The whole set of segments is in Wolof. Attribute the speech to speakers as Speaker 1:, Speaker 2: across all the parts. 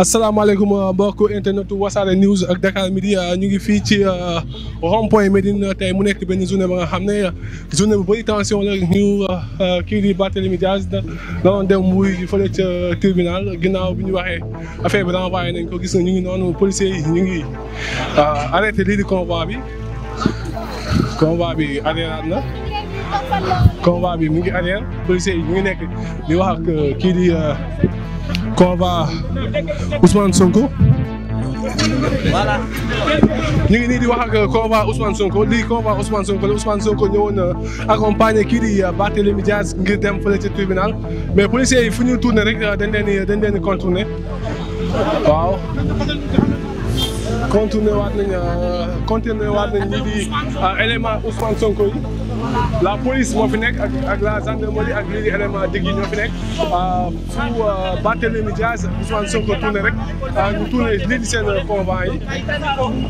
Speaker 1: asalaamaaleykum euh, mbokk internet wasaare news ak Dakar midi euh, ñu ngi fii ci euh, rond point Médine tey mu nekk benn journée ba nga xam ne journée bu bëri tension la ñu kii di Barthélémy Diaz da doon dem muy fële ca tribunal ginnaaw bi ñu waxee affaire bi renvoyé nañ ko gis na ñu ngi noonu policiers yi ñu ngi arrêté lii di convoi bi convoi bi adhéraat na convoi bi mu ngi adhéré policiers yi ñu ngi nekk di wax kii di. combat Ousmane Sonko. voilà. nii di wax ak combat Ousmane Sonko lii combat Sonko la Ousmane Sonko ñëwoon na accompagner kii di Barthélémy ngir dem fële tribunal mais policiers yi fu ñu tourné rek euh, dañ leen di dañ leen di contourné waaw. contourné waat nañ euh, contourné waat nañ euh, élément Ousmane Sonko yi. la police moo fi nekk ak la gendarmerie ak lii di élément dig yi ñoo fi nekk ah, fu euh, Barthélémy Dias Ousmane Sonko tourné rek ah, ñu tourné lii di seen convoi yi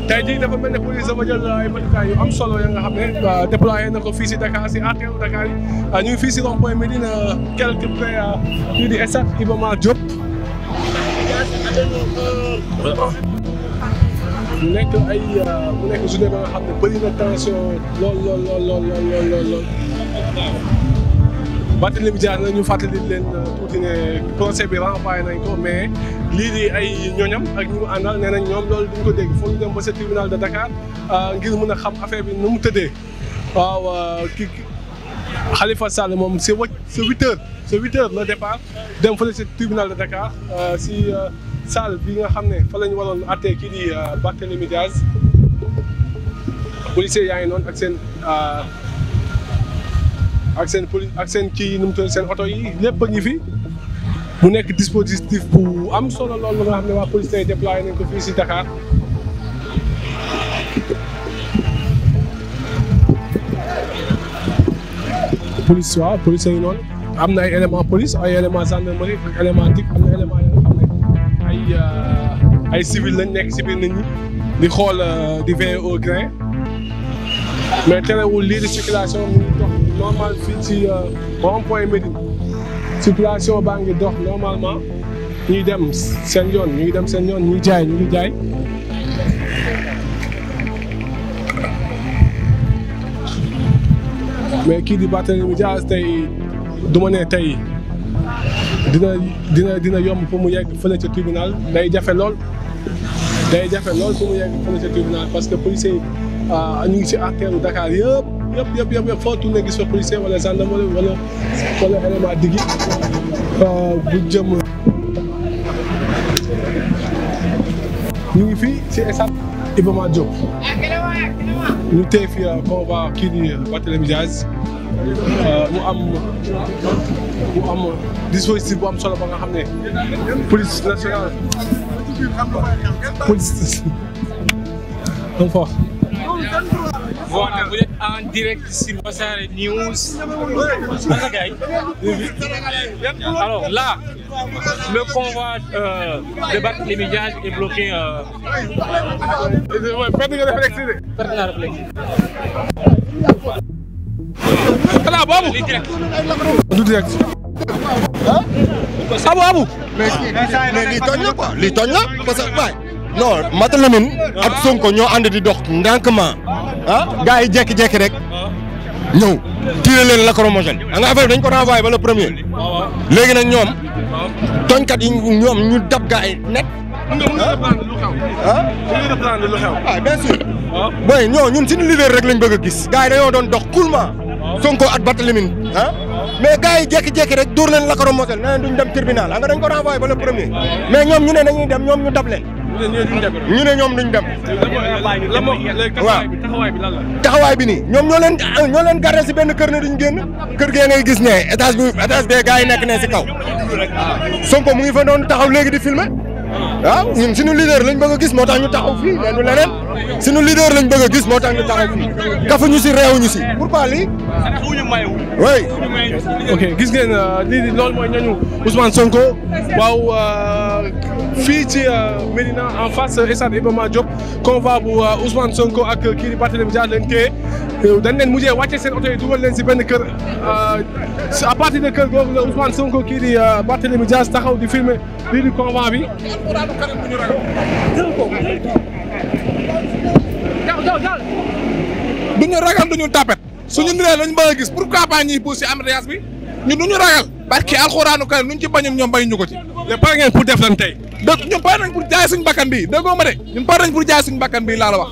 Speaker 1: tey jii dafa mel ne police dafa jël euh, ay matukaay yu am solo nga xam ne euh, déployé na ko fii si Dakar si artère Dakar yi ah, ñu ngi fii si rond-point Médina quelque lii di stade Iba Mar Diop nekk ay euh, mu nekk journée ba nga xam ne bëri na tension lool lool lool lool lool lool lool. Barthélémy Dias na ñu fàttali leen euh, tuuti ne procès bi renvoyé nañ ko mais lii di ay ñoñam ak ñi mu àndal nee nañ ñoom loolu duñ ko dégg foog ñu dem ba sa tribunal de Dakar euh, ngir mën a xam affaire bi nu mu tëddee. waaw ki Khalifa Sall moom c'est huit c'est huit heures c'est huit heures le départ dem fële sa tribunal de Dakar si. salle bi nga xam ne fa la ñu waroon àttee kii di euh, Barthélémy Diaz policier yaa ngi noonu ak seen euh, ak seen poli ak seen kii nu seen oto yi lépp a ngi fi mu nekk dispositif bu am solo loolu nga xam ne waa police tey déployé nañ ko fii si Dakar. police waaw police yi noonu am na ay éléments police ay éléments gendarmerie ak éléments DIC am na ay euh, civil lañ nekk ci biir nit ñi di xool euh, di veiller au grain mais terewul lii di circulation mu dox normal fii ci euh, rond point Médine circulation baa ngi dox normalement ñuy dem seen yoon ñu ngi dem seen yoon ñuy jaay ñu ngi jaay. mais kii di Barthélémy Dias tey du ma ne tey. dina dina dina yomb pour mu yegg fële ca tribunal day jafe lool day jafe lool pour mu yegg tribunal parce que policiers a ah, ñu ngi ci artère Dakar yëpp yëpp yëpp yëpp yëpp foo tourné gis fa policier wala gendarmerie wala wala élément digi ah, bu ngi fii ci stade Iba Mar Diop
Speaker 2: ah,
Speaker 1: ñu téye fi convoi kii di Barthélémy Diaz Euh, mu am mu am dispositif bu am solo ba nga xam ne police nationale police donc foofu
Speaker 2: voilà vous êtes en direct sur Wassare News. Alors là, le convoi euh, de Barthélémy Dias est bloqué. Euh... Perdez la réflexion. Perdez la réflexion. combat
Speaker 3: boobu. du abu abu. mais lii tooñ la quoi lii tooñ la parce que waay. non Mata Lamine ak Sonko ñoo ànd di dox ndànkement. ah gars yi jékki-jékki rek. ñëw tiire leen lacrymogène a ah, nga affaire dañ ko renvoyé ba le premier léegi nag ñoom tooñkat yi ñoom ñu dab gaa yi ah, ah, boy ñoo ñun suñu leader rek lañ bëgg a gis gars yi dañoo doon dox coolement Sonko at Barthélémy ah mais gars yi jékki-jékki rek dóor leen Lakarom Mosel nee duñ dem tribunal xam nga dañ ko renvoyé ba premier mais ñoom ñu ne dañuy dem ñoom ñu dab leen. ñu ne ñoom duñ dem. waaw taxawaay bi nii ñoom ñoo leen ñoo si benn kër na duñ génn. kër gee ngay gis ne étage bi étage bee gars yi nekk ne si kaw. Sonko mu ngi fa doon taxaw léegi di filmer waaw ñun suñu leader lañ bëgg a gis moo tax ñu taxaw fii nee du leneen suñu leader lañ
Speaker 1: bëgg a gis moo tax ñu taxaw fii
Speaker 3: kafuñu si réewuñu si pourquoi lii. oui.
Speaker 1: ok gis ngeen euh, lii di loolu mooy ñooñu Ousmane Sonko waaw euh, fii ci euh, Médina en face stade Iba Mar Diop convoi bu Ousmane Sonko ak kii di Barthélémy Dias leen téye dañ leen mujjee wàcce seen oto yi dugal leen si benn kër à partir de kër googu la Sonko kii di Barthélémy taxaw di filmer lii di convoi bi.
Speaker 3: du ñu ragal du ñu tapet suñu niree lañ bëgg a gis pourquoi pas ñuy pousse ci ambiance bi ñu du ñu ragal. barki alxuraanu karim nuñ ci bañ ak ñoom bañ ñu ko ci. mais pare ngeen pour def lan tey. donc ñun pare nañ pour jaay suñu bakkan bii déggoo ma de ñun pare nañ pour jaay suñu bakkan bii laa la wax.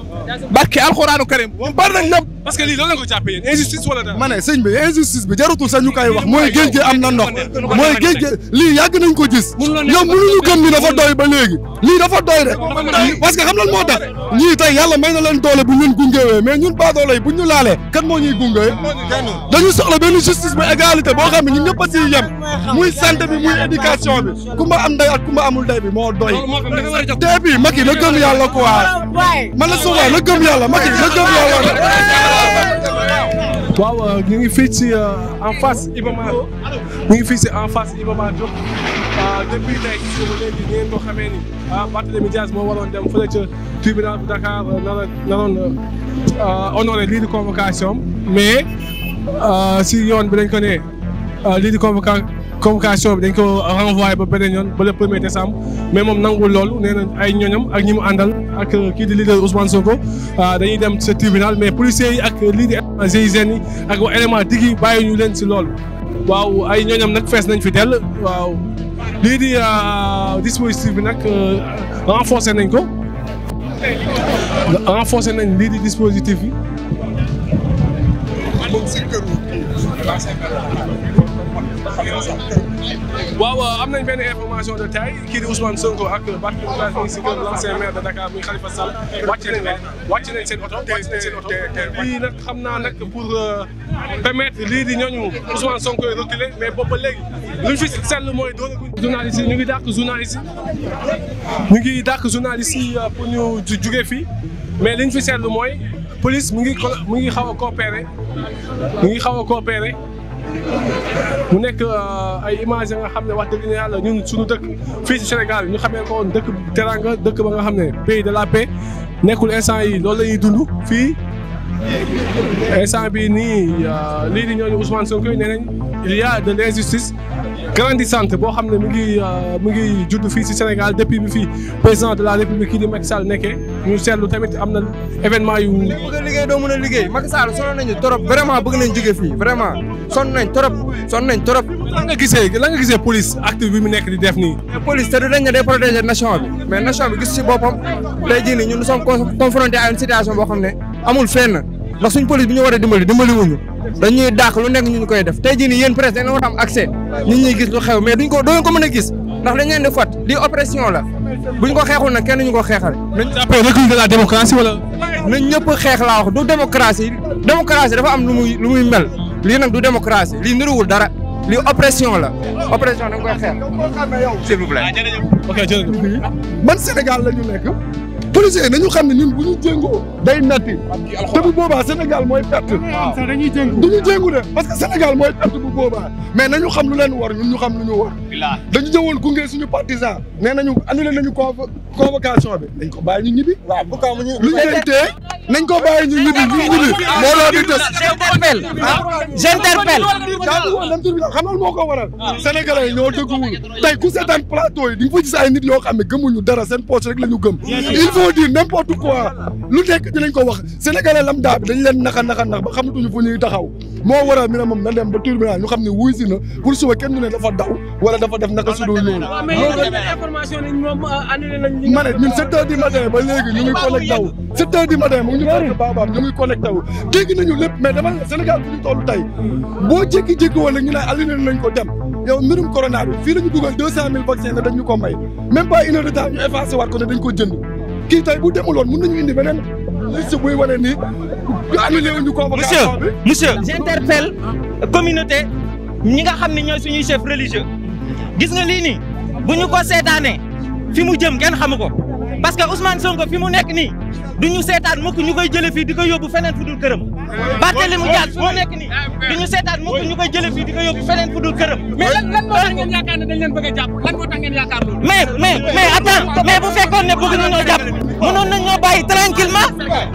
Speaker 3: barki alxuraanu karim ñun pare nañ lépp. parce que lii lan la ko
Speaker 1: jàppee yéen injustice
Speaker 3: wala dara. ma ne sëñ bi injustice bi jarutul sax ñu wax mooy géej gi am na ndox mooy géej gi lii yàgg nañ ko gis. yow mënuñu gëm ni dafa doy ba léegi lii dafa doy de. parce que xam lan moo tax ñii tey yàlla may na leen doole bu ñun gungewee mais ñun baadoolo yi bu ñu laalee kan moo ñuy gungee dañu soxla benn justice ba égalité boo xam ne ñun ñëpp a siy yem muy santé bi muy éducation bi ku am ndey ak ku amul ndey bi moo doy te bi Macky na gëm yàlla quoi
Speaker 2: man la souvent
Speaker 1: waaw euh, ñu ngi fii ci en face Ibama ñu ngi fii ci en face Ibama Diop ah, moo waroon dem fële ca tribunal Dakar euh, nara naroon euh, honoré lii convocation mais si yoon bi dañ ko convocation convocation bi dañ ko renvoyé ba beneen yoon ba le premier décembre mais moom nanguwul loolu nee na ay ñoñam ak ñi mu àndal ak euh, kii di leader Ousmane Sonko euh, dañuy dem sa tribunal mais policiers yi ak lii di GIGN yi ak waa élément digi bàyyi ñu leen si loolu waaw ay ñoñam nag fees nañ fi dell waaw lii di euh, dispositif bi nag renforcé nañ ko renforcé nañ lii di dispositif bi waaw am nañ benn information de taille kii di Ousmane Sonko ak Barthélémy Dias mi ngi si kër l'ancien maire de Dakar muy Khalifa Sall nañ leen seen oto wàcc nañ seen oto xam naa nag pour euh, permettre lii di ñooñu Ousmane Sonko yi reculer mais boobu ba léegi luñ fi mooy doonaguñ journaliste yi ñu ngi dàq journaliste yi ñu ngi dàq journaliste yi euh, pour ñu jugee fii mais liñ fi seetlu mooy police mu ngi mu ngi xaw a coopéré mu ngi xaw a coopéré mu nekk euh, ay images nga xam ne wax dëgg yàlla ñun suñu dëkk fii si Sénégal ñu xamee ko woon dëkk teranga dëkk ba nga xam ne pays de la paix nekkul instant yi loolu la ñuy dund fii instant bi nii euh, lii di ñooñu Ousmane Sonko nee nañ il de l'injustice grandissante boo xam ne mi ngi euh, mi ngi judd fii si Sénégal depuis bi fii président de la République kii di Macky Sall nekkee ñu seetlu tamit am na événement yu. li bëgg a liggéey doo mën a liggéey Macky nañu trop vraiment bëgg nañ jóge fii vraiment sonn nañ trop
Speaker 2: sonn nañ trop. lan nga gisee lan nga gisee police active bi mu nekk di def nii. police te du dañ ne day protéger nation bi mais nation bi gis si boppam tey jii nii ñun nous sommes boo xam ne amul fenn. ndax suñ police bi ñu war a dimbali dimbali wuñu dañuy dàq lu nekk ñu koy def tey jii nii yéen presse da ngeen war a am gis lu xew mais duñ ko doo ko mën a gis ndax dañ leen di fat lii oppression la buñ ko xeexul na kenn ñu ko xeexal. nañ après recul de la xeex laa wax du démocratie démocratie dafa am lu muy lu muy mel lii nag du démocratie lii niruwul dara lii oppression la
Speaker 3: oppression dañ koy xeex.
Speaker 2: s'il vous plaît. Ah, ok
Speaker 3: jërëjëf. man Sénégal la ñu nekk. policiers yi nañu xam ne ñun bu ñu jéngoo day metti te bu boobaa Sénégal mooy perte dañuy jéngu duñu jéngu de parce que Sénégal mooy perte bu boobaa mais nañu xam lu leen war ñun ñu xam lu ñu war dañu jëwoon gunge suñu partisan nee nañu annulé nañu convocation bi nañ ko bàyyi ñu ñibbi lu ñu leen tee nañ ko bàyyi ñu ñibbi ñu ñibbi moo loo di tës
Speaker 2: j'interpelle
Speaker 3: j'interpelle xam nga moo ko waral sénégalais yi ñoo dëgguwul tey ku nit yoo xam ne gëmuñu dara seen poche rek la ñu gëm faut dire n'importe lu nekk dinañ ko wax sénégalais lambda bi dañ leen naxa naxa ba xamatuñu fu ñuy taxaw moo waral mi ne moom na dem ba tribunal ñu xam ne wuy si suba kenn du ne dafa daw wala dafa def naka noonu. Euh,
Speaker 2: ma ñun sept heures du matin ba léegi ñu ngi connecté wu
Speaker 3: sept heures du matin ñu fekk dégg nañu lépp mais dama Sénégal bu ñu toll tey boo jékki-jékki wala ñu ne annulé nañ ko dem yow mbirum corona fii la ñu dugal deux kii tey bu demuloon mën nañu indi beneen liste buy wane
Speaker 4: ni annulé wuñu convocation bi monsieur monsieur j'interpelle communauté ñi nga xam ne ñooy suñuy chef religieux gis nga lii nii bu ñu ko seetaanee fi mu jëm genn xamu ko parce que Ousmane Sonko fi mu nekk nii du ñu seetaan mukk ñu koy jëlee di ko yóbbu feneen fu dul këram. Barthélémy Dias fi mu nekk ni du ñu seetaan mukk ñu koy jëlee fii di ko yóbbu feneen fu dul këram. mais lan lan moo tax ngeen leen a jàpp lan moo tax ngeen yaakaar loolu. mais bu fekkoon ne bëgg ñu ñoo jàpp mënoon nañ ñoo bàyyi tranquillement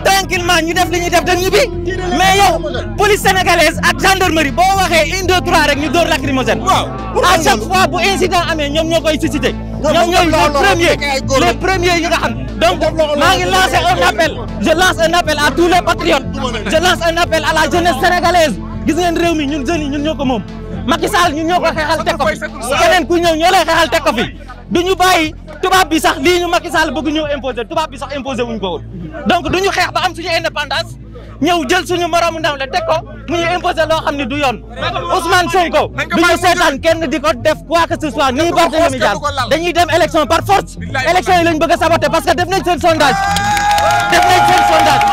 Speaker 4: tranquillement ñu def li ñuy def dañ ñu bi mais yow police sénégalaise ak gendarmerie boo waxee une deux trois rek ñu dóor lacrymogène. waaw à fois bu incident amee ñoom ñoo koy suscité yow ñooy les premiers les premiers yi nga donc maa ngi lancé un appel je lance un appel à tous les patriotes je lance un appel à la jeunesse sénégalaise gis ngeen réew mi ñun jeunes ñun ñoo ko moom Macky Sall ñun ñoo ko xeexal teg ko fi keneen ku ñëw ñoo lay xeexal teg ko du ñu bàyyi tubaab bi sax lii ñu Macky Sall bëgg ñëw imposer tubaab bi sax imposer wuñ ko woon donc du ñu xeex ba am suñu indépendance ñëw jël suñu moroomu ndaw la teg ko mu ñu imposé loo xam ne du yoon Ousmane Sonko du ñu seetaan kenn di ko def quoi que ce soit nii Barthélémy Dias dañuy dem élection par force élection yi lañ bëgg a parce que def nañ seen sondage def nañ seen sondage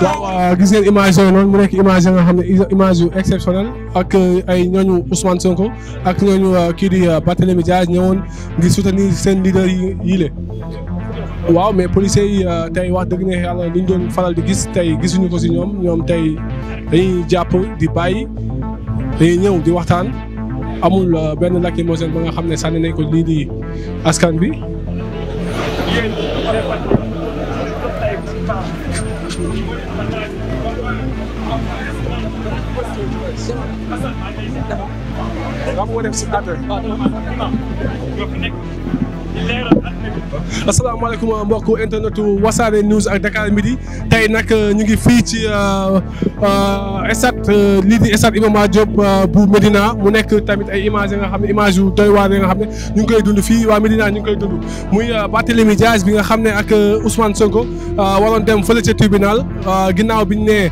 Speaker 1: waaw image yooyu noonu mu nekk image yi nga xam ne image yu exceptionnel ak euh, ñooñu Ousmane Sonko ak ñooñu euh, kii di euh, Barthélémy Dias ñëwoon ngir soutenir seen leader yi yii waaw mais policiers yi euh, tey wax dëgg ne yàlla li doon faral di gis tey gisuñu ko si ñoom ñoom tey dañuy jàpp di bàyyi dañuy ñëw di waxtaan amul euh, benn lacrymogène ba nga xam ne sànni nañ ko lii di askan bi. asalaamaaleykum uh, mbokku internetu wasaare news ak Dakar midi tey nag uh, ñu ngi fii ci uh, stade lii di stade Iba Mar Diop bu Medina mu nekk tamit ay images yi nga xam ne image yu doy waar yi nga xam ne ñu ngi koy dund fii waa Medina ñu ngi koy dund muy Barthélémy Dias bi nga xam ne ak Ousmane Sonko waroon dem fële ca tribunal ginnaaw bi ñu ne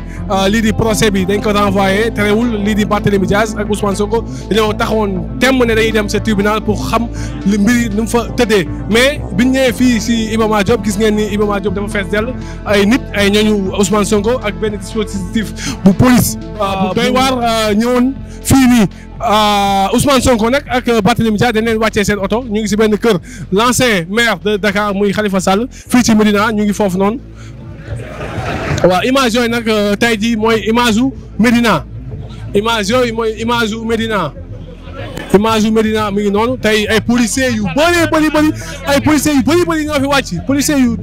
Speaker 1: lii di procès bi dañ ko renvoyé terewul lii di Barthélémy Dias ak Ousmane Sonko dañoo taxawoon. temm ne dañuy dem sa tribunal pour xam li mbir nu mu fa tëddee mais biñ ñëwee fii si Iba Mar gis ngeen ni Iba Mar Diop dafa fees dell ay nit ay ñooñu Ousmane Sonko ak benn dispositif bu police ah, bu doy waar euh, ñëwoon fii nii euh, Ousmane Sonko nag ak Barthélémy Dias dañ leen wàccee seen oto ñu ngi si benn kër l'ancien maire de Dakar muy xalifa Sall fii ci Médina ñu ngi foofu noonu waaw image yooyu nag euh, tey jii mooy image u Médina image yooyu image u Médina image yu Medina mi ngi noonu tey ay policiers yu bëree bëri bëri ay policiers yu bëri bëri ñoo fi wàcc policiers yu.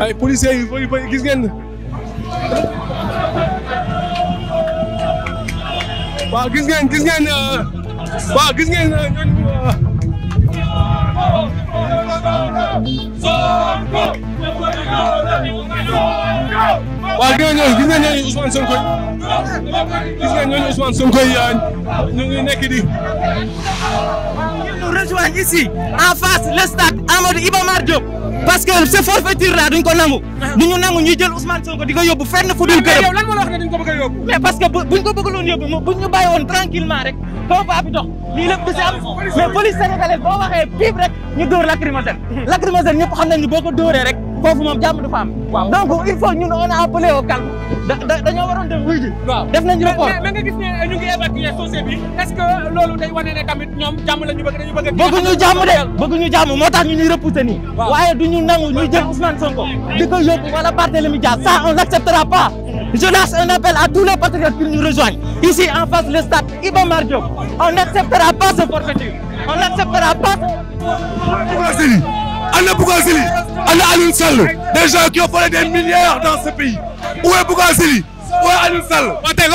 Speaker 1: ay policiers yu bëri bëri gis ngeen. waaw gis ngeen gis ngeen euh, waaw gis ngeen euh, euh. waaw gis nga gis nga ñooñu Ousmane Sonko gis nga ñooñu Ousmane ñu ngi nekk
Speaker 4: ici en face le stade Amadou Iba Mar Diop parce que ce forfaiture là duñ ko nangu. du ñu nangu ñu jël Ousmane Sonko di ko yóbbu fenn fu dul yóbbu. mais parce que buñ ko bëggaloon yóbbu buñ ñu bàyyi woon tranquillement rek kaw police sénégalaise boo waxee pib rek. ñu dóor lacrymogène lacrymogène ñëpp xam nañ ni boo ko dóoree rek foofu moom jàmm de fa am. donc il faut ñun on a appelé au calme. da da dañoo euh,
Speaker 2: ñu ngi évacuer société ce que loolu day wane ne tamit ñoom jàmm la ñu bëgg dañu
Speaker 4: bëgg. bëgguñu jàmm moo tax ñu ñuy repousser nii. waaye du ñu nangu ñu jël Ousmane Sonko. di ko yóbbu wala Barthélémy Dias ça on l'acceptera pas. je lance appel à tous les patriotes qui nous rejoignent ici en face le stade Iba Mar Diop on n'acceptera pas ce forfaiture on n'acceptera pas. ana
Speaker 3: Bougazelli ana Alioune Sall des gens qui ont volé des milliards dans ce pays où est Bougazelli où Sall. waaw tey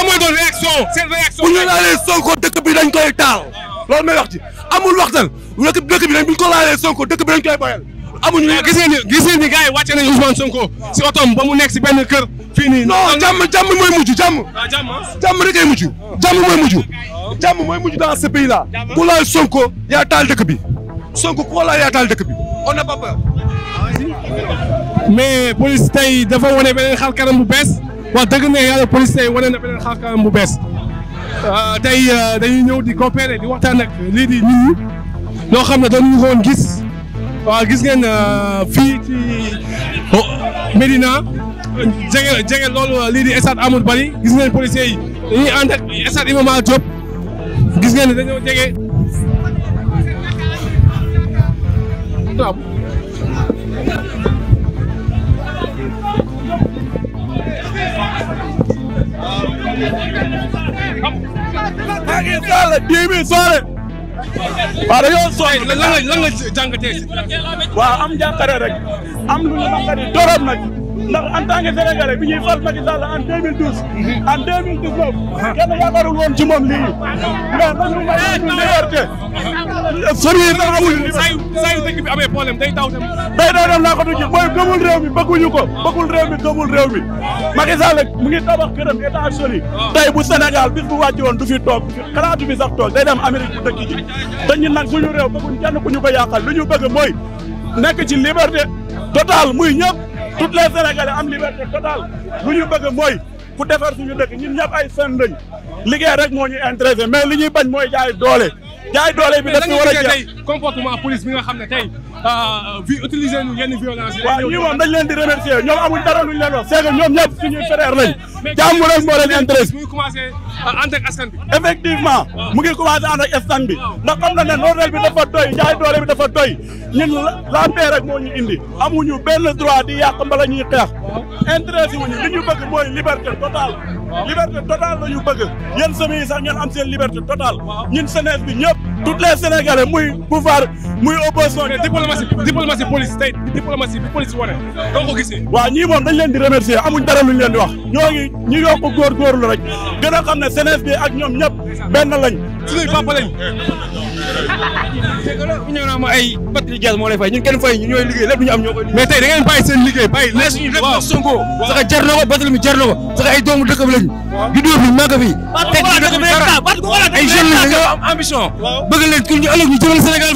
Speaker 3: Sonko dëkk bi dañ koy taal loolu may wax amul waxtaan dëkk bi dañ bu ñu ko laalee Sonko dëkk bi dañ koy boyal amuñu léegi gis ngeen ni gis ngeen ni gars yi wàcce nañu Ousmane Sonko si mu nekk si benn kër fii nii. non jàmm jàmm mooy mujj jàmm. Ah, jàmm ah. jàmm rek ay mujj. jàmm mooy mujj. jàmm mooy mujj dans ce pays ku laal Sonko yaa taal dëkk Sonko ku laal yaa taal dëkk on n'a pas peur.
Speaker 1: mais police tey dafa wane beneen xar kanam bu bees wax dëgg ne yàlla police tey wane na beneen xar kanam bu bees euh, tey euh, dañuy ñëw di coopérer di waxtaan ak lii di nit ñi loo xam ne dañu ko woon gis waaw gis ngeen euh, fii ci oh, Médina jege jege loolu lii di stade Amadou Barry gis ngeen policiers yi dañuy ànd ak stade Iba Mar Diop gis ngeen ne dañoo
Speaker 2: jege. tam
Speaker 3: Macky Sall dix mille soore waaw dañoo sooy lan nga lan
Speaker 1: nga jàngatee si waaw am
Speaker 3: jàngate rek am lu ñu naqari torop nag ndax en tant bi ñuy fal Macky Sall en 2012. en 2019. kenn yaakaarul woon ci moom lii. mais man mii ma yëg ñu
Speaker 2: yi
Speaker 3: dafa bi amee problème day taw tamit. day taw dem naa ko tuuti booy gëmul ko bëggul réew mi gëmul réew mi. Macky Sall mu ngi tabax këram état sori. Ah. bu Sénégal bis bu wàcce woon du fi toog xanaa du fi sax toog day dem Amérique bu dëkk ji. te ñun nag suñu réew bëgguñ kenn ku ñu ko yàqal lu ñu bëgg mooy nekk ci liberté totale muy ñëpp. toutes les sénégalais am liberté totale lu ñu bëgg mooy ku defar ñu dëkk ñun ñëpp ay seen lañ liggéey rek moo ñu intéressé mais li ñuy bañ mooy jaay doole
Speaker 1: jaay doole bi daf bi nga xam ne tey euh, vi utiliser ñu ñii moom dañ leen di remercier ñoom amuñ dara
Speaker 3: luñ leen wax c'est que ñoom ñëpp suñuy frère lañ jàmm rek moo leen intéresse mu euh, mu ngi
Speaker 1: commencé ànd ak bi
Speaker 3: ndax xam na ne nooreel bi dafa doy jaay doole bi dafa doy ñun la paix moo ñu indi amuñu benn droit di yàq mbala ñuy xeex intéresse wuñu li ñu bëgg mooy liberté totale liberté totale la ñu bëgg yéen semis yi sax ngeen am seen liberté totale ñun jeunesse bi ñëpp toutes les sénégalais muy pouvoir muy opposition diplomatie diplomatie police tey diplomatie bi police wane doo ñii moom dañ leen di remercier amuñ dara luñ leen di wax ñoo ngi ñu yokk góorgóorlu rek gën a xam ne jeunesse bi ak ñoom ñëpp benn lañ suñuy papa lañ dégg nga ñu ne ma ay tey da ngeen bàyyi liggéey bàyyi lépp suñu jar na ko Barthélémy jar na ko sax
Speaker 2: doomu dëkk bi lañu. waaw juddoo fi màgg fi. bëgg leen pour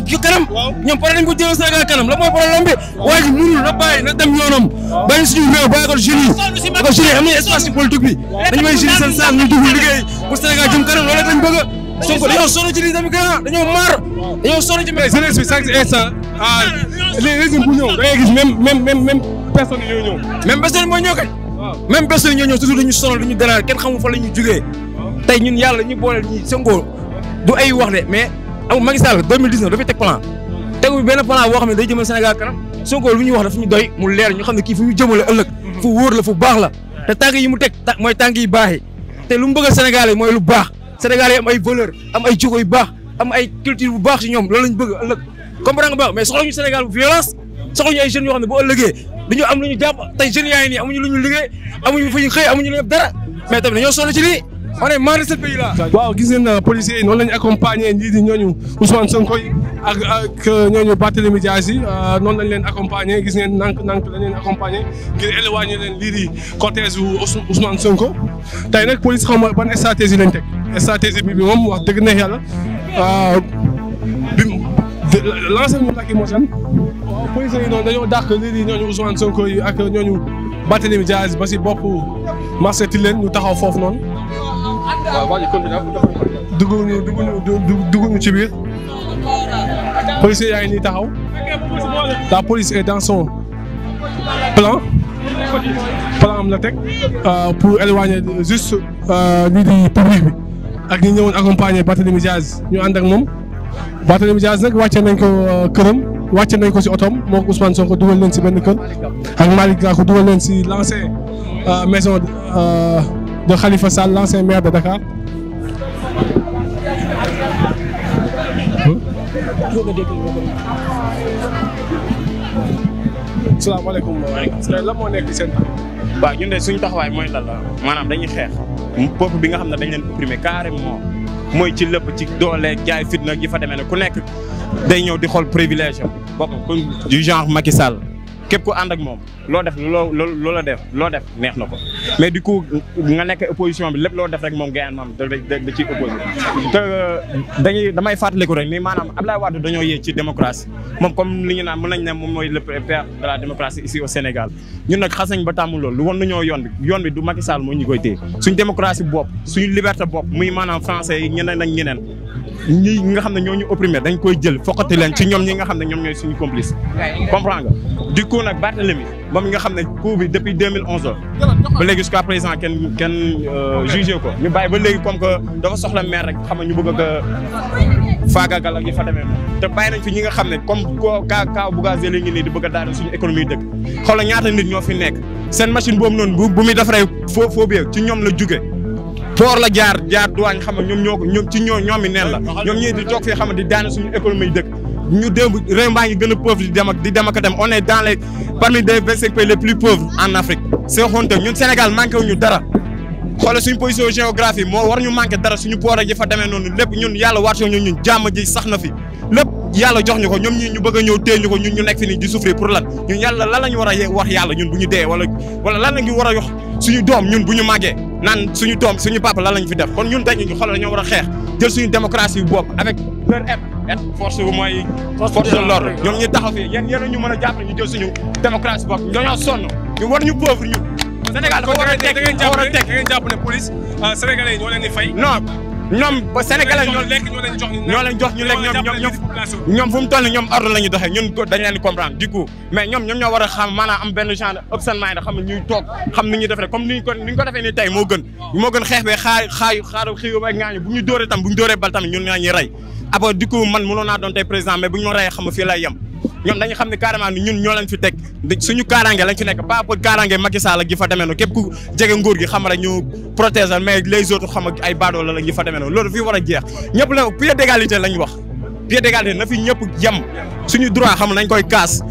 Speaker 2: ñu kanam. ñoom pare nañu ko jëmal Sénégal kanam la mooy problème bi. waaye ji na bàyyi na dem yoonam. bàyyi suñu réew bàyyi ko jeunes yi. parce que jeunes espace ci politique bi. dañu may jeunes seen sens ñu dugg liggéey pour Sénégal jëm kanam loolu lañ bëgg Sonko dañoo sonn ci lii tamit gannaaw dañoo maar dañoo sonn ci mais jeunesse bi ah, bu ñëw
Speaker 5: da même même même même personne yi ñoo ñëw. même personne mooy ñëw kat. même personne yi ñoo ñëw toujours dañu sonal dañu dara kenn xamu fa lañu ñu jugee. tey ñun yàlla ñu boole ñi Sonko du ay wax de mais amul Macky Sall 2019 dafay teg plan. tegu benn plan boo xam ne day jëmal senegal kanam
Speaker 3: Sonko lu ñu wax dafa ñu doy mu leer ñu xam ne kii fu ñu jëmale ëllëg. fu wóor la fu baax la. te tànk yi mu teg
Speaker 2: mooy tànk yi baax yi te lu mu bëgg Sénégal mooy lu baax Sénégal yi am ay valeur am ay jikko yu baax am ay culture bu baax si ñoom loolu lañ bëgg ëllëg comprendre nga baax mais soxla ñu Sénégal bu violence soxla ñu ay jeunes yoo xam ne bu ëllëgee dañu am lu ñu jàpp tey jeunes yaa ngi nii amuñu lu ñu liggéey amuñu fu ñu xëy amuñu lu ñu
Speaker 3: dara
Speaker 1: mais tamit dañoo sonn ci lii on waaw gis ngeen euh, policiers yi noonu la ñu accompagner ñii di ñooñu Ousmane Sonko yi ak ak euh, ñooñu Barthélémy Dias yi euh, noonu la leen accompagner gis ngeen nank nank lañu ñu leen accompagner ngir éloigner leen lii di cortège Ousmane Sonko tey nag police xaw ma ban stratégie lañ teg stratégie bi moom wax dëgg neex yàlla bi lancé ñu takki moo seen waaw police yi noonu dañoo dàq lii di ñooñu Ousmane Sonko yi ak ñooñu Barthélémy Dias ba si bopp marché leen ñu taxaw foofu noonu. waaw waa ji continué dugguñu dugguñu ci biir policier yaa ngi nii taxaw la police est dans plan plan am la teg euh, pour éloigner juste euh, ñi di public bi ak ñi ñëwoon accompagner Barthélémy Diaz ñu ànd ak moom Barthélémy Diaz nag wàcce nañ ko euh, këram wàcce nañ ko si otoom moo ko Ousmane Sonko dugal leen si benn kër ak Malick Gakou dugal leen si lancé maison. de Khalifa Sall, l'ancien maire de Dakar.
Speaker 5: salaamaaleykum maaleykum lan moo nekk seen taxawaay. ñu ñun de suñu taxawaay mooy lan la maanaam dañuy xeex peuple bi nga xam ne dañ leen opprimé carrément mooy ci lëpp ci doole jaay fitna yi fa demee ne ku nekk day ñëw di xool privilège am bokk du genre Macky Sall. képp ku ànd ak moom loo def loo loo la def loo def neex na ko mais du coup nga nekk opposition bi lépp loo def rek moom gayaan maam da da ciy euh, rek ni maanaam Abdoulaye Wade dañoo yee ci démocratie moom comme li ñu naan mën nañ ne moom mooy le père de la démocratie ici au Sénégal ñun nag xas nañ ba tàmm loolu won nañoo yoon yoon bi du Macky Sall moo ñu koy téye suñ démocratie bopp suñu liberté bopp muy maanaam français ñeneen ñeneen ñi nga xam ne ñoo ñu opprimé dañ koy jël ñoom ñi nga xam ne ñoom ñooy suñu complice comprends surtout nag Barthélemy moom nga xam ne coup bi depuis 2011 ba léegi a présent kenn kenn euh, jugé ko. ñu bàyyi ba léegi comme que dafa soxla maire rek xam ñu bëgg a faagaagal ak ñu fa demee moom. te bàyyi nañ fi ñi nga xam ne comme koo kaa kaa Bougazelli yi ngi nii di a daal suñu économie dëkk xoolal ñaata nit ñoo fi nekk seen machine boobu noonu bu muy defaree foo foo ci ñoom la jugee. port la jaar jaar duwaañ xam ñoom ñoo neen la ñoom ñii di toog fii xam di daane suñu économie dëkk ñu démb réew maa ngi gën a pauvre di dem ak di dem ak dem on est dans les parmi des vingt pays les plus pauvres en Afrique c'est honte ñun Sénégal manqué wu ñu dara xoolal suñu position géographique moo war ñu manqué dara suñu poor ak yi demee noonu lépp ñun yàlla waatoo ñu ñun jàmm ji sax na fi lépp yàlla jox ñu ko ñoom ñi ñu bëgg ñëw téye ñu ko ñun ñu nekk fi nii pour lan ñun yàlla lan la ñu war a wax yàlla ñun bu dee wala wala lan la ñu war a wax suñu doom ñun bu ñu màggee naan suñu doom suñu papa lan la fi def kon ñun dañu ñu xoolal ñoo war a xeex jël suñu démocratie bopp avec leur aide et force bu mooy. force de l'ordre ñoom ñu taxaw fii yéen yéen ñu mën a jàppale ñu jël suñu démocratie bopp ñu war ñu pauvre ñu. Sénégal a teg dafa war a teg da ngeen jàpp euh, ñoo leen di ñoom ba sénégalais ñoo ñu lekk ñoom ñoom ñoom fu ñoom ordre la ñu doxee ñun dañ leen di comprendre du coup mais ñoom ñoom ñoo war a xam maanaam am benn genre observement da xam ne toog xam ni ñuy defee comme niñ ko ni ñu ko defee ni tey moo xeex bee xaar xaayu xaaru xiiw bu ñu doore tam bu ñu dóoree bal tamit ñun ñaa ñuy rey après du coup man mënoon naa doon tey président mais bu ñu ma rayee xam nga fii lay yem ñoom dañu xam ne carrément ñun ñoo lañ fi teg suñu kaaraange lañ fi nekk pas pour kaaraange Macky Sall ak gi fa demee noonu képp ku jege nguur gi xam rek ñu protéger mais les autres xam ak ay baadoo la la gi fa demee noonu loolu fii war a jeex ñëpp la pied d'égalité lañ wax pied d'égalité na fi ñëpp yem suñu droit xam nañ koy kaas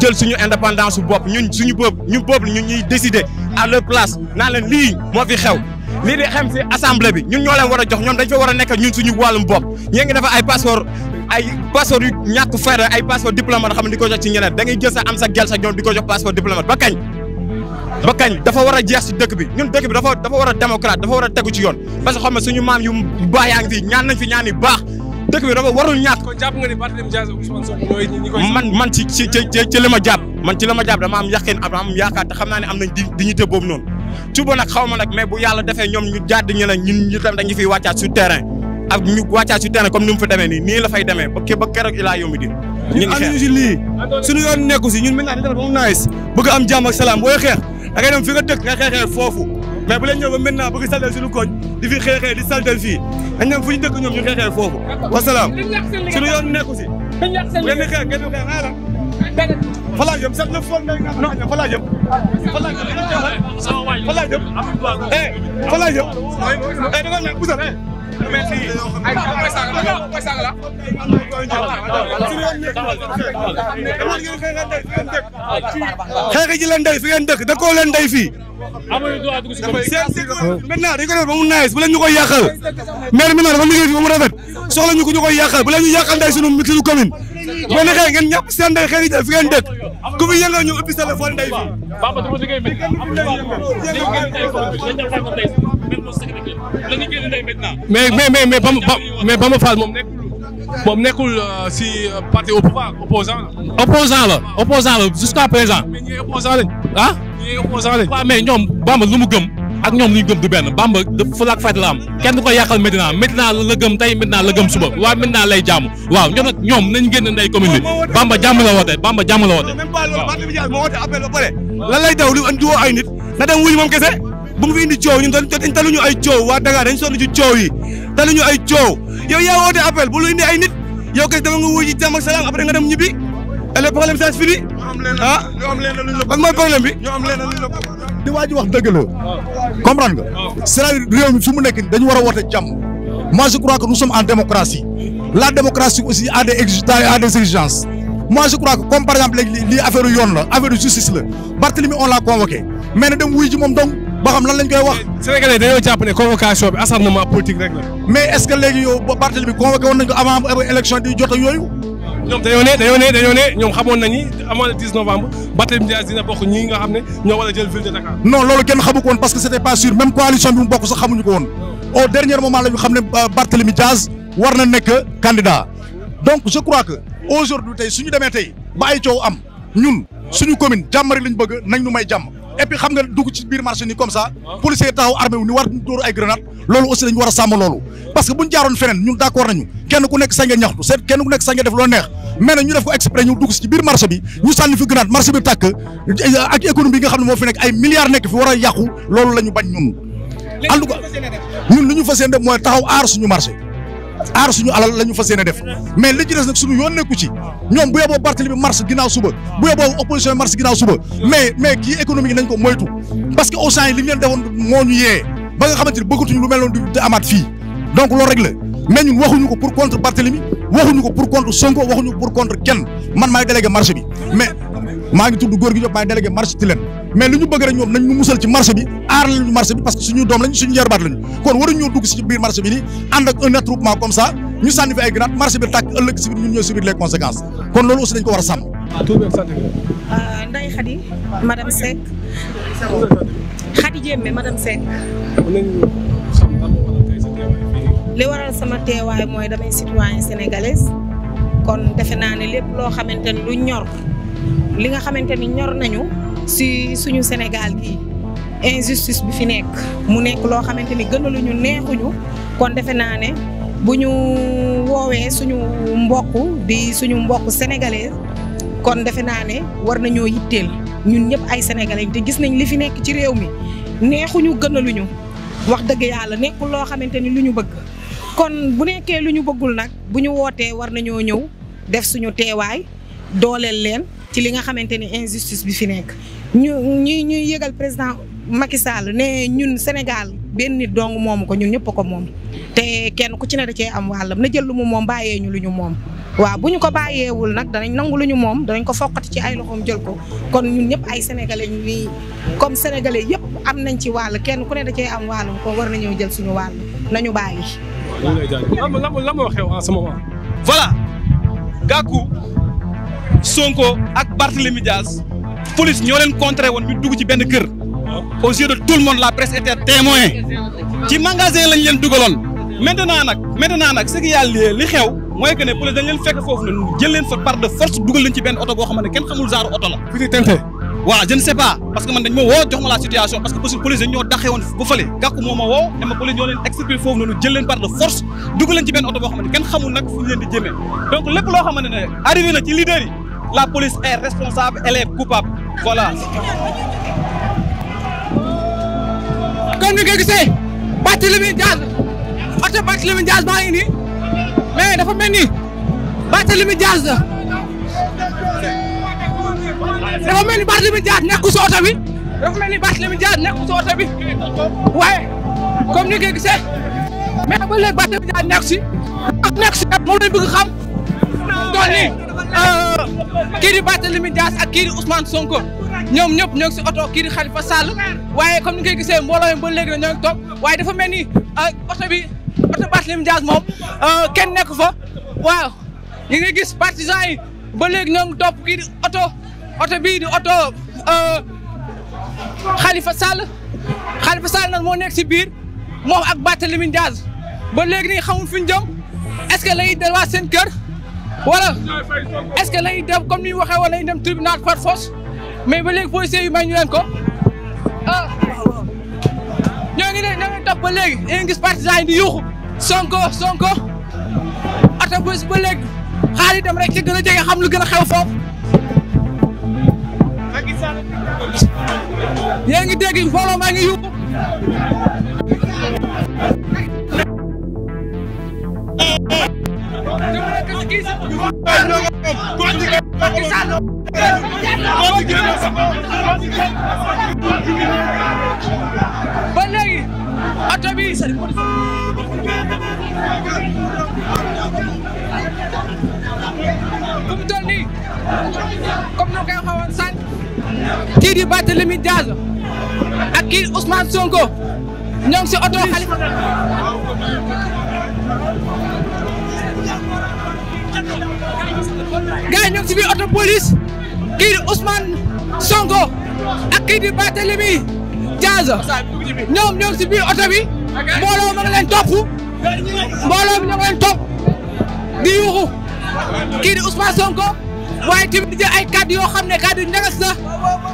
Speaker 5: jël suñu indépendance su bopp ñun suñu bopp ñu bopp ñun ñuy décider à leur place naa leen lii moo fi xew lii di xam si assemblée bi ñun ñoo war a jox ñoom dañ fa war a nekk ñun suñu wàllum bopp ñee ngi dafa ay passeport ay passeport yu ñàkk fayda xam ne di ko jox ci ñeneen da ngay jël sa am sa gel sa ñoom di ko jox passeport diplomate ba kañ ba kañ dafa war a jeex si dëkk bi ñun dëkk bi dafa dafa war a démocrate dafa war a tegu ci yoon parce que xam nga suñu maam yu baax yaa ngi fi ñaan baax dëkk bi dafa warul ñàkk.
Speaker 1: kon jàpp nga ni Barthélémy Dias Ousmane Sonko
Speaker 5: ñooy man man ci man ci la ma jàpp dama am yaqin am am xam naa ne am nañ dignité boobu noonu. Touba nag xaw ma nag mais bu yàlla defee ñoom ñu jàdd ñu ne ñun ñu tam dañu fiy wàccaat sur terrain ak ñu wàccaat sur terrain comme nii nii la fay demee ba ba keroog ilaa yombi di. ñu ngi xeex ñun ànduñu si lii suñu yoon nekku ñun maintenant dañu
Speaker 3: def ba mu naaj bëgg salaam booy xeex da ngay fi nga dëkk nga xeexee foofu mais bu leen ñëw ba maintenant bëgg saltel suñu koñ di fi xeexee di saltel fii dañ dem fu ñu dëkk ñoom xeexee foofu wasalaam suñu yoon nekku si genn xeex genn xeex xaa la fa laa jëm sax na foog na fa laa jëm fa laa jëm fa laa busal xeex ji leen day fi ngeen dëkk dëkkoo leen day fii. seen si maintenant dañ ko def ba mu naaj bu leen ñu koy yàqal maire mi nag dafa liggéey fi ba mu rafet soxla ñu ko ñu koy yàqal bu leen ñu yàqal day sunu suñu commune.
Speaker 6: boo nekkee ngeen
Speaker 3: na ngeen dëkk ku fi yëngal ñu ubbi téléphone ndey fi. Bamba dama liggéey métti am na
Speaker 1: mais mais mais mais Bamba mais Bamba Fall moom nekkul moom euh, si euh, parti au pouvoir opposant la. opposant la opposant la jusqu'à présent. mais ñi ah. ñi opposant lañ. waaw ah? lu mu gëm. ak ñoom li ñu gëm
Speaker 3: du benn Bamba dafa flag fight la am kenn du ko yàqal Medina Medina la gëm Medina la suba waaw Medina lay jàmm waaw ñoom nag ñoom nañ génn nday commune Bamba jàmm la woote Bamba jàmm la woote lan lay daw li andi ay nit na dem wuyu moom kese bu indi coow ñun taluñu ay coow waa Dakar dañ sonn ci coow yi taluñu ay coow yow yaa woote appel bu indi ay nit yow kese dama nga wuyu ci jàmm salaam après nga dem ñibbi et le problème ah. bi li waa wax dëgg la nga c'est-à-dire réew mu nekk dañu war a woote jàmm moi je crois que nous sommes en démocratie la démocratie aussi a des a des exigences moi je crois que comme par exemple léegi lii yoon la affaire justice la Barthélemy on l'a convoqué mais na dem wuy moom donc ba xam lan lañ koy wax.
Speaker 1: Sénégalais dañoo jàpp ne convocation bi acharnement politique rek mais est-ce que léegi yow Barthélemy convoqué woon ko avant élection di jot yooyu. ñoom dañoo ne dañoo ne dañoo ne ñoom xamoon nañu avant le 10 novembre Barthélémy Dias dina bokk ñii nga xam ne ñoo war a jël ville de Dakar.
Speaker 3: non loolu kenn xamu ko parce que c'était pas sûr même coalition bi mu bokk sax xamuñu ko au dernier moment la xam ne euh, Barthélémy Dias war na nekk candidat donc je crois que aujourd'hui tey suñu demee tey ba ay coow am ñun suñu commune jàmmari lañ bëgg nañ ñu may jàmm et puis xam nga dugg ci biir marché ni comme ça policier taxaw armé ni war dóoru ay grenade loolu aussi dañu war a sàmm loolu parce que bu ñu feneen ñun d'accord nañu kenn ku nekk sañ ñaxtu seet kenn ku nekk sañ def loolu neex mais ñu def ko exprès ñu dugg ci biir marché bi ñu sànni fi grenade marché bi tàkk ak nga xam ne moo fi nekk ay milliards nekk fi war a yàqu loolu la bañ ñun en ñun li ñu fas yéene def mooy taxaw aar suñu alal la ñu fas yéene mais li ci des nag suñu yoon nekku ci ñoom bu yeboo Barthélemy mars ginnaaw suba bu yeboo opposition mars ginnaaw suba mais mais kii économique nañ ko moytu parce que Auchan yi li ñu leen defoon moo ñu yee ba nga xamante ni bëggatuñu lu mel noonu di amaat fii donc loolu rek la ñun waxuñu ko pour contre Barthélemy waxuñu ko pour contre Sonko waxuñu ko pour contre kenn man maay délégué marché bi mais maa ngi tudd góor gi Diop maay délégué aar lañu marché bi parce doom lañ suñu jarbaat lañu kon waruñu dugg si biir marché bi nii ànd ak un attroupement comme ça ñu sànni fi ay grenade marché bi tàkk ko war a sàmm. Ah, euh,
Speaker 6: Ndeye Khady madame Seck Khady Diémé madame li waral sama teewaay mooy damay citoyen sénégalaise kon defe naa ne lépp loo xamante ni lu ñor li nga xamante ni ñor nañu si suñu Sénégal gii injustice bi fi nekk mu nekk loo xamante ni gënaluñu neexuñu kon defe naa ne bu ñu woowee suñu mbokk di suñu mbokk sénégalais kon defe naa ne war nañoo yitteel ñun ñëpp ay sénégalais te gis nañ li fi nekk ci réew mi neexuñu gënaluñu wax dëgg yàlla nekkul loo xamante ni lu ñu bëgg kon bu nekkee lu ñu bëggul nag bu ñu wootee war nañoo ñëw def suñu teewaay dooleel leen ci li nga xamante ni injustice bi fi nekk ñu ñuy yëgal président Macky Sall ne ñun Sénégal benn nit dong moomu ko ñun ñëpp ko moom te kenn ku ci ne da cee am wàllam na jël lu mu moom bàyyee ñu lu ñu moom. waaw bu ñu ko bàyyeewul nag danañ nangu lu ñu moom danañ ko foqati ci ay loxoom jël ko kon ñun ñëpp ay sénégalais ñuy comme sénégalais yëpp am nañ ci wàll kenn ku ne da cee am wàllam kon war nañoo jël suñu wàll nañu bàyyi.
Speaker 1: waaw loolu la la moo xew en ce moment. voilà Gakou Sonko ak Barthélémy Dias
Speaker 3: police ñoo leen contré woon ñu dugg ci benn kër. aux yeux tout le monde la presse était témoin
Speaker 1: ci magasin lañ
Speaker 3: leen dugaloon maintenant nag maintenant nag ce qui yàlla li xew mooy que ne police dañ leen fekk foofu ne jël leen par de force dugal ci benn oto boo xam kenn xamul genre oto la. fi parce que police dañ ñoo daxee woon ba fële gàkku moo ne ma police ñoo leen expliqué foofu noonu jël leen par de force dugal ci benn oto boo xam kenn xamul nag fu ñu di jëmee donc
Speaker 2: kon ñu ngi gisee Barthélémy Dias oto baa ngi nii mais dafa mel ni Barthélémy Dias dafa mel ni Barthélémy Dias nekkul si oto bi dafa mel ni Barthélémy Dias nekkul si oto bi waaye comme ñu ba léegi Barthélémy xam tool yi euh, kii di Barthélémy ak kii di Sonko. ñoom ñëpp ñoo si oto kii di Khalifa Sall waaye comme ni ngay gisee mbooloo mi ba léegi na ñoo waaye dafa mel ni ah, oto bi oto Barthélémy Dias moom ah, kenn nekk fa waa ñu ngi gis partisans yi ba léegi ñoo ngi topp kii di oto oto bii di oto ah, Khalifa Sall Khalifa Sall nag moo nekk si biir moom ak Barthélémy Dias ba léegi nii xamul fi ñu jëm est-ce que lay seen kër wala est-ce que lay dem comme ni ñu waxee woon lay tribunal par force mais ba léegi policiers yi may ñu leen ko ah ñoo ngi leen ñoo ngi topp ba léegi dañuy gis yi di yuuxu sonko sonko oto police ba léegi xaar rek gën a jege xam lu gën a xew foofu. yaa ngi dégg mbooloo maa ngi yuuxu. Macky Sall ba oto bi bu mu toll nii comme nu koy xawoon sànq kii di Barthélémy Dias ak kii si oto Khalifa gars yi si biir oto police kii di Ousmane Sonko ak kii di Barthélémy Diaz ñoom ñoo ngi si biir oto bi mbooloo ma nga leen topp mbooloo mi ñoo ngi leen topp di yuuxu kii di Ousmane Sonko waaye tamit di jël ay kàddu yoo xam ne kàddu ñagas la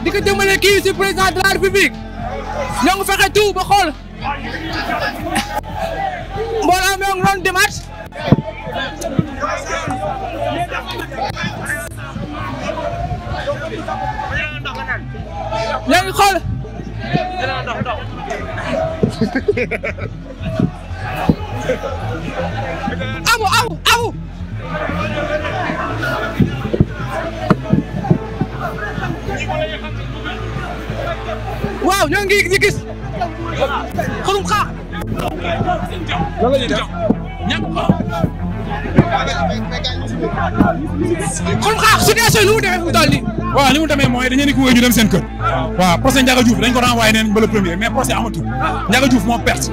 Speaker 2: di ko jëmale kii si président de la république ñoo ngi fexe tout ba xool mbooloo mi ñoo ngi doon demaat. yaa ngi xool. amu waaw ñoo ngi ñu gis. xurum xaar. lan la ñuy
Speaker 3: kon xaar situation yi nu
Speaker 2: mu demee fu mu toll nii. waaw li mu demee mooy dañu ne
Speaker 3: ku wéy ñu dem seen waaw procès Ndiaga Diouf dañ ko renvoyé neen ba le premier mais procès amatul. Ndiaga Diouf moo perte.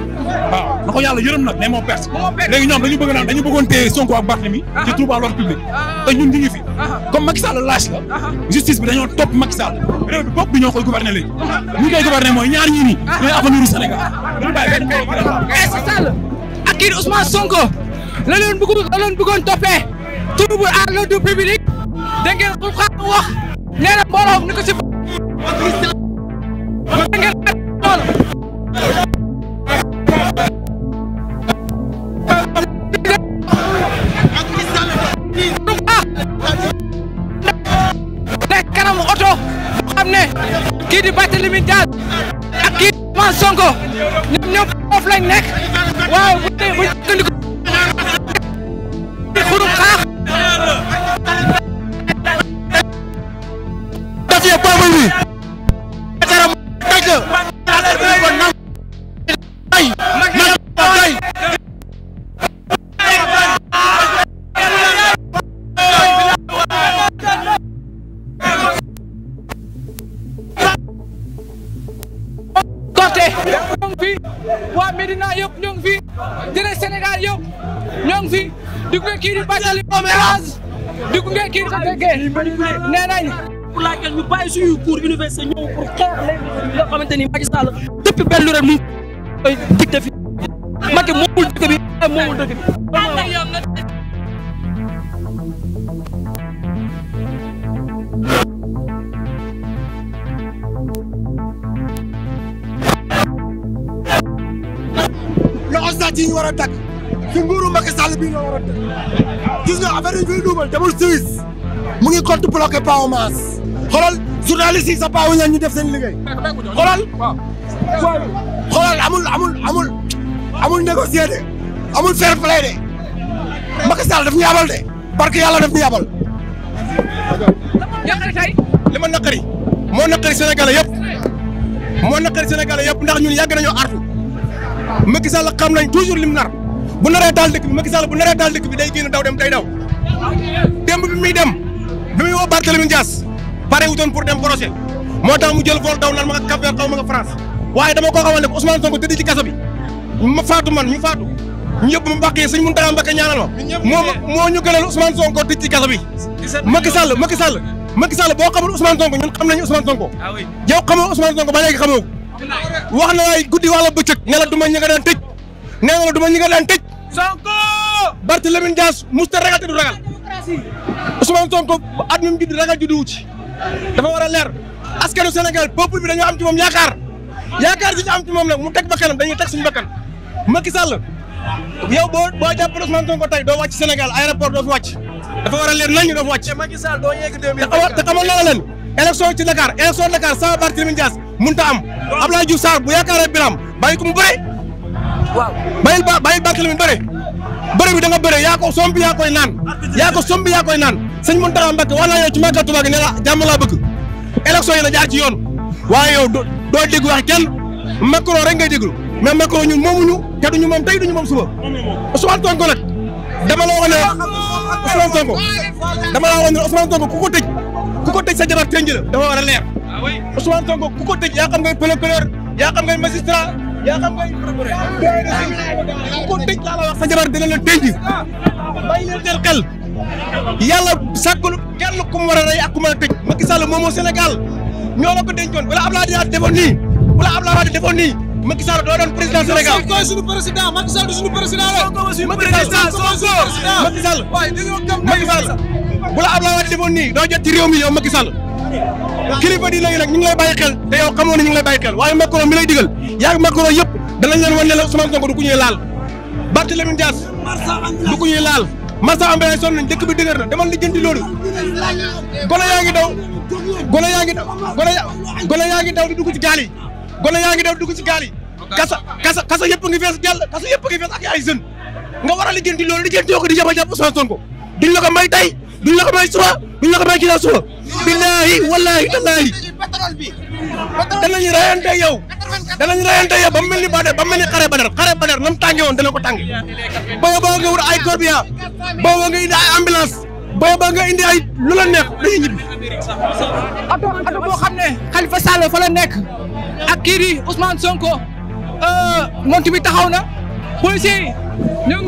Speaker 3: waaw na ko yàlla yërëm nag mais moo perte. léegi ñoom dañu bëgg naan dañu bëggoon téye Sonko ak Barthélemy ci ah. trouble à l'ordre public. Ah. te ñun ñu ngi fi. Ah. comme Macky Sall la. justice bi dañoo topp Macky Sall.
Speaker 2: réew bi bopp bi ñoo koy gouverner léegi. ñu koy gouverner mooy ñaar ñii la leen bëggoon la leen bëggoon toppee bu aar du public da ngeen xul xaar wax nee na ni ko si Sall mu koy dicté fi Macky moomul dëkk bi moomul dëkk bi
Speaker 3: loxo ci ñu a takk ci nguuru Macky Sall a takk gis nga affaire mu ngi compte bloqué Pawmaas xoolal journaliste yi sa paawu ñaan ñu def seen liggéey xoolal xoolal amul amul amul amul négocier de amul fair play de Macky Sall daf ñu yabal de barke yàlla daf ñu yabal. naqari tey li ma naqari moo naqari Sénégalais yëpp moo naqari Sénégalais yëpp ndax ñun yàgg nañoo artu Macky Sall xam nañ toujours lim nar bu naree taal dëkk bi Macky Sall bu naree taal dëkk bi day génn daw dem day daw dem bi muy dem bi muy woo Barthélémy Dias pare wutoon pour dem projet moo tax mu jël vol daw nan ma nga Cap ma nga waaye dama ko xamal ne Ousmane Sonko tëdd ci kaso bi ma faatu man ñu faatu ñu yëpp ma mbàqee sëñ Mountakha Mbacké ñaanal ma moo ñu gënal Ousmane Sonko tëdd ci kaso bi Macky Sall Macky Sall Macky boo xamul Ousmane Sonko ñun xam nañu Ousmane Sonko ah yow xamoo Ousmane Sonko ba léegi xamoo ko wax na waay guddi wax la bëccëg ne du ma ñi nga daan tëj nee na la du ma ñi nga daan tëj Sonko Barthélémy Dias musta ragal te du ragal Ousmane Sonko at mi mu judd ragal juddu wu ci dafa war a leer askanu Sénégal peuple bi dañoo am ci moom yaakaar yaakaar ji ñu am ci moom nag mu teg bakkanam dañuy teg suñu bakkan Macky Sall yow boo boo jàppale Ousmane Sonko tey doo wàcc Sénégal aéroport doo fi wàcc dafa war a leer nañ doo fi wàcc. te Macky Sall doo yegg 2024 te xamal naa leen élection ci Dakar élection Dakar a am. waaw Abdoulaye Diouf Sarr bu yaakaaree Birame bàyyi ko mu bëre. waaw bàyyi ba bàyyi Barthélémy bëre bëre bi da nga bëre yaa ko bi yaa koy naan. yaa ko somb yaa koy naan sëñ Mountakha Mbacké wax naa yow ci màggal Tuubaa jàmm laa bëgg élection la jaar ci yoon waaye yow doo dégg wax kenn Macron rek ngay déglu a Macron ñun moomuñu te duñu moom tey duñu moom suba Ousmane Sonko nag dama la
Speaker 6: waxoon
Speaker 3: ne Ousmane Sonko dama ku ko tëj ku ko tëj sa jabar tënj la war a leer Ousmane Sonko ku ko tëj yaa xam ngay procureur yaa xam ngay magistrat ku ko tëj laa la wax sa jabar dina la tënj bàyyi leen seen xel yàlla sàkkul kenn ku mu war a rey ak ku mu war a tëj Macky moomoo Sénégal ñoo la ko dencoon wala Abdoulaye Wade defoon nii wala Abdoulaye Wade defoon nii Macky Sall doo doon président Sénégal. Sonko suñu président Macky Sall suñu bu la Abdoulaye Wade defoon nii doo jot ci réew mi yow Macky Sall kilifa di léegi nag ñu ngi lay bàyyi xel te yow xamoon ne ñu ngi lay bàyyi xel waaye Macron mi lay digal yaa ngi Macron yëpp danañ leen wan ne la Ousmane Sonko du ku ñuy laal Barthélémy du ku laal Massa Ambe sonn nañ dëkk bi dëgër na demal lijjanti
Speaker 2: gone yaa ngi daw
Speaker 3: gone yaa ngi daw di dugg ci gaal yi gone yaa ngi daw di dugg ci kasa kasa kasa yëpp fees dell kasa yëpp ngi fees ak ay jeunes nga war a lijjanti loolu lijjanti yoo ko di jàpp jàpp Ousmane Sonko duñ may tey duñ la may suba duñ la may ginnaaw suba billaahi wallaahi tallaahi danañu rayante yow danañu rayante yow ba mel ni badar ba mel ni xare badar xare badar nam tànge woon dana ko tànge
Speaker 5: booba nga wut ay
Speaker 3: corbillard booba nga indi
Speaker 2: ay booy ba nga indi ay lu la neex dañuy ñibbi. oto oto boo xam ne fa la nekk ak kii di Ousmane Sonko euh, mont bi taxaw na policiers euh,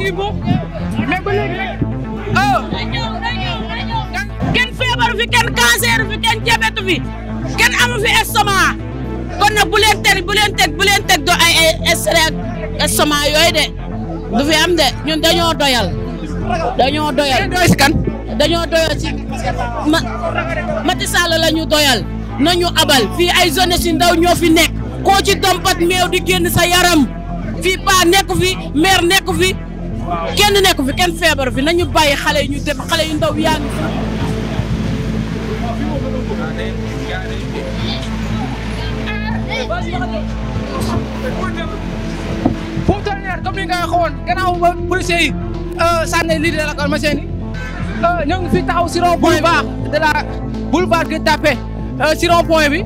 Speaker 6: kenn feebaru kenn cancer kenn diabète kenn amu fi estomac kon nag bu do ay ay estomac yooyu de du fi am de ñun dañoo doyal dañoo doyal. doy si kan. dañoo doyal ci ma Macky Sall doyal nañu
Speaker 2: abal fii ay zone si ndaw ñoo fi nekk koo ci dompat meew di génn sa yaram fii pa nekku fi maire nekku fi kenn nekku fi kenn feebar fi nañu bàyyi xale yi ñu xale yu ndaw yaa ngi Poutinière yi euh, sànni lii de la yi ñoo ngi fi taxaw si point baax de la boulevard Gueule Tapée si rond point bi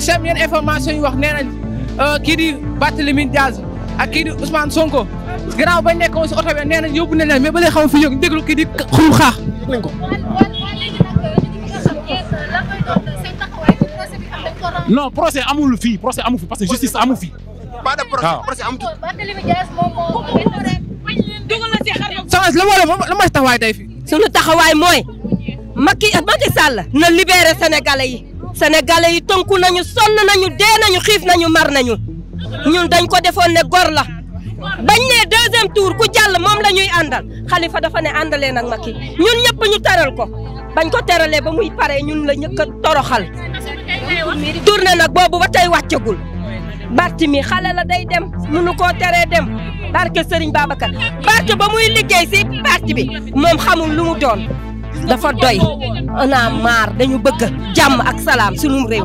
Speaker 2: chef yenn information yi wax nee nañ kii di Barthélémy Diaz ak kii di Sonko gannaaw bañ nekkoon si oto bi nee nañ yóbbu nañ leen ba léegi xaw fi yëg ñu déglu kii di xuru xaax nañ fi parce que justice amul fi
Speaker 6: pas suñu taxawaay mooy Macky Macky Sall na libéré sénégalais yi senegale yi tonku nañu son nañu dee nañu xiif nañu mar nañu ñun dañ ko defoon ne gor la bañ ne deuxième tour ku jàll moom la ñuy àndal Khalifa dafa ne àndalee nag Macky ñun ñëpp ñu teral ko bañ ko teralee ba muy paree ñun la ñëkk a toroxal tourné nag boobu ba tey Barthélemy xale la day dem mënu koo teree dem barke Serigne Babacar barke ba muy liggéey si parti bi moom xamul lu mu doon dafa doy on a marre dañu bëgg jàmm ak salaam sunum réew.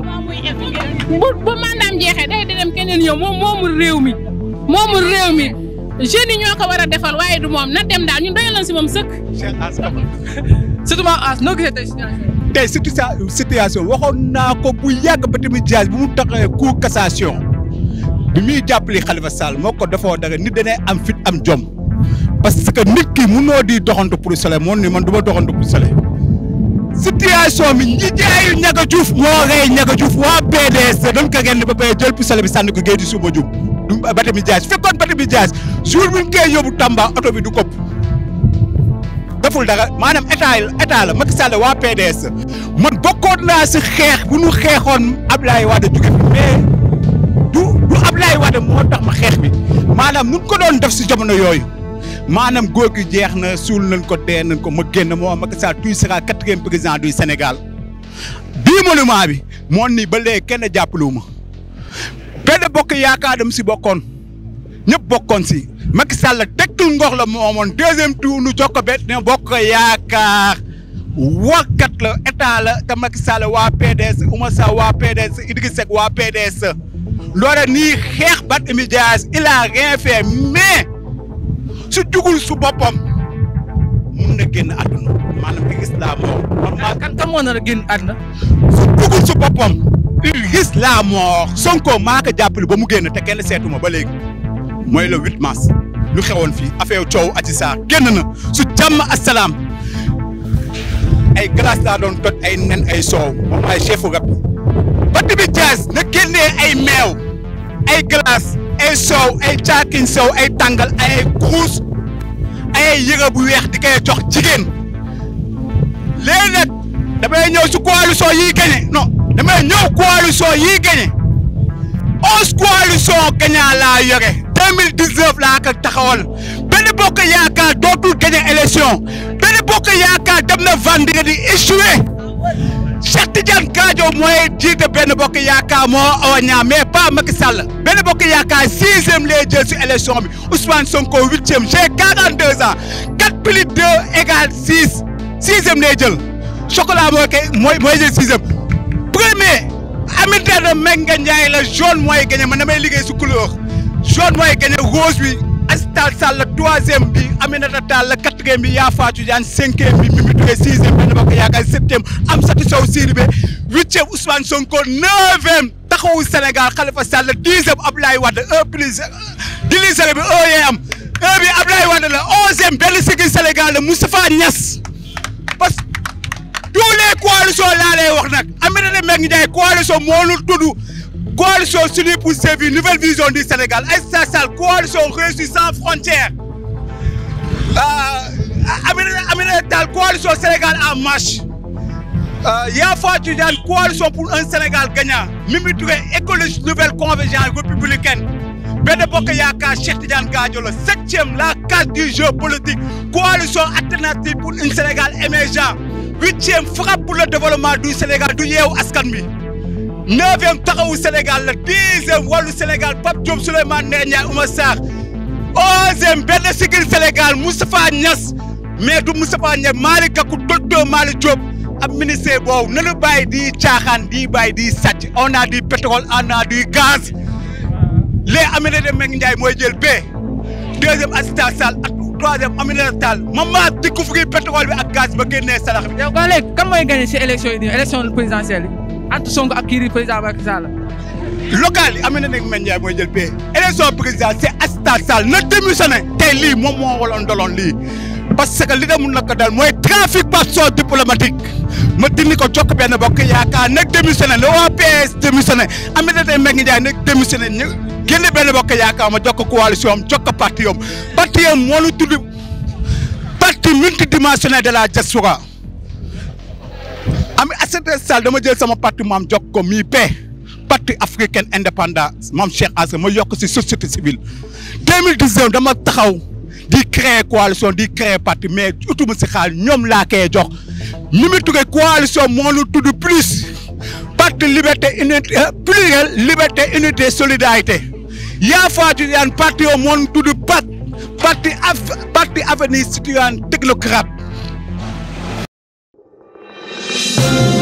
Speaker 6: bu bu maanaam jeexee day dem keneen ñëw moom moomul réew mi moomul
Speaker 2: réew mi jeunes ñoo ko war a defal waaye du moom na dem daal ñun doyoon nañ si moom sëkk. surtout maa as noo gisee tey
Speaker 3: tey surtout sa situation waxoon naa ko bu yàgg ba tamit jaaj bu mu taxee cour cassation. bi muy jàppale Khalifa Sall moo ko defoo dara nit danay am fit am jom parce que nit ki munoo di doxantu pour sole moom ni man du ma doxantu pour sole situation bi ñi jaayu ñaka juuf moo rey ñaka juuf waa PDS dañ ko genn ba bay jël pusale bi sànni ko géej di suuba jub du Barthélémy Dias fekkoon Barthélémy Dias jour bi ñu koy yóbbu Tamba oto bi du kopp deful dara maanaam état état la Macky Sall waa PDS man bokkoon naa si xeex bu ñu xeexoon Abdoulaye Wade jóge fi mais du du Abdoulaye Wade moo tax ma xeex bi maanaam nun ko doon def si jamono yooyu maanaam góor gi jeex na suul nañ ko dee nañ ko ma génn moo Macky Sall tuy sera quatrième président du Sénégal bii monument bi moon nii ba léegi kenn jàppalu ma benn bokk yaakaar dem si bokkoon ñëpp bokkoon si Macky Sall tekkil ngox la moomoon deuxième tour nu jox bokk yaakaar warkat la état la te Macky waa PDS Oumar Sarr waa PDS Idrissa Seck waa PDS loola nii xeex Barthélémy Dias il a rien fait mais su boppam mun na génn àdduna maanaam il risque la mort. man kan kan moo nar a génn àdduna. su jugul su boppam il Sonko maa ko jàppale ba mu génn te kenn seetuma ba léegi mooy le 8 mars lu xewoon fii affaire coow Adji Sarr génn na su jàmm asalaam ay glace laa doon toj ay nen ay soow moom ay chef rap Barthélémy Dias na génnee ay meew ay glace ay soow ay caakiñ soow ay tàngal ay xuus ay yëre weex di koy jox jigéen léegi nag damay ñëw si coalition yi gagné non damay ñëw coalition yi gagné onze coalition gagnant laa yore deux mille dix-neuf laa ko taxawal benn bokk yaakaar dootul gagné élection benn bokk yaakaar dem na vendredi échoué Cheikh Tidiane Gadio mooy jiite benn bokk yaakaa moo awa ñaa mais pas Macky Sall benn bokk yaakaar sixième lay jël si élection bi Ousmane Sonko huitième j'ai quarante deux ans quatre plus deux égale six sixième lay jël chocolat mooy kay mooy mooy jël sixième premier Aminata Mbengue Ndiaye la jaune mooy gagné man damay liggéey si couleur jaune mooy gagné rose bi. Aziz Tall Sall la troisième bi Aminata Tall la quatrième bi Yaa Fatou Diagne cinquième bi Mimi Touré sixième Benno Bokk Yaakaar septième Amsatou Sow Sidibé huitième Ousmane Sonko neuvième Taxawu Sénégal Khalifa Sall la dixième Abdoulaye Wade un plus diligéré bi un yee am un bi Abdoulaye Wade la onzième benn sigil Sénégal la Moustapha Niass parce que tous les coalitions laa Aminata Mbengue Ndiaye coalition moo lu tudd coalition Sunuy pour servir nouvelle vision du Sénégal Aïssata Tall coalition Réussir sans frontières euh, Aminata coalition Sénégal en marche euh, Yafa Tidiane coalition pour un Sénégal gagnant Mimi Touré écologiste nouvelle convergence républicaine Benno Bokk Yaakaar Cheikh Tidiane Gadio la septième la carte du jeu coalition alternative pour un Sénégal émergent huitième frappe pour le développement du Sénégal du Yewwi Askan neuvième taxawu senegal la dixième wàllu senegal Pape Diop Souleymane Ndeye Ndiaye Oumar Sarr onzième benn sigil Sénégal Moustapha Niass mais du Moustapha Niass Malick Gakou docteur Malick Diop ab ministère boobu nanu bàyyi di caaxaan di bàyyi di sàcc on a du pétrole on a du gaz les Aminata Mbengue mooy jël B
Speaker 2: deuxième Assata Sall ak troisième Aminata Tall man maa découvrir pétrole bi ak gaz ba génnee salax bi. yow léegi kan mooy gagné si élection yi nii entre Sonko ak kii di président Macky local yi am na nag Mène mooy jël paie élection président c' est
Speaker 3: Astar na démissionné tey lii moom moo waloon doloon lii parce que li nga mun na ko dal mooy trafic passeport diplomatique ma dindi ko jokk benn bokk yaakaar nag démissionné la waa PS démissionné am na tey Mène Ndiaye nag bokk yaakaar ma jokk coalition jokk parti yom parti yom moo lu tudd parti de la diaspora am à cette salle dama jël sama parti maam jokk ko mii paix parti africaine indépendance maam Cheikh Assa ma yokk si société civile 2019 dama taxaw di créer coalition di créer parti mais utuma si xaal ñoom laa koy jox ni mu tukkee coalition moo lu tudd plus parti liberté unité euh, pluriel liberté unité solidarité yaa faatu yaan parti yoo moo lu tudd pat parti parti avenir citoyen technocrate Thank you.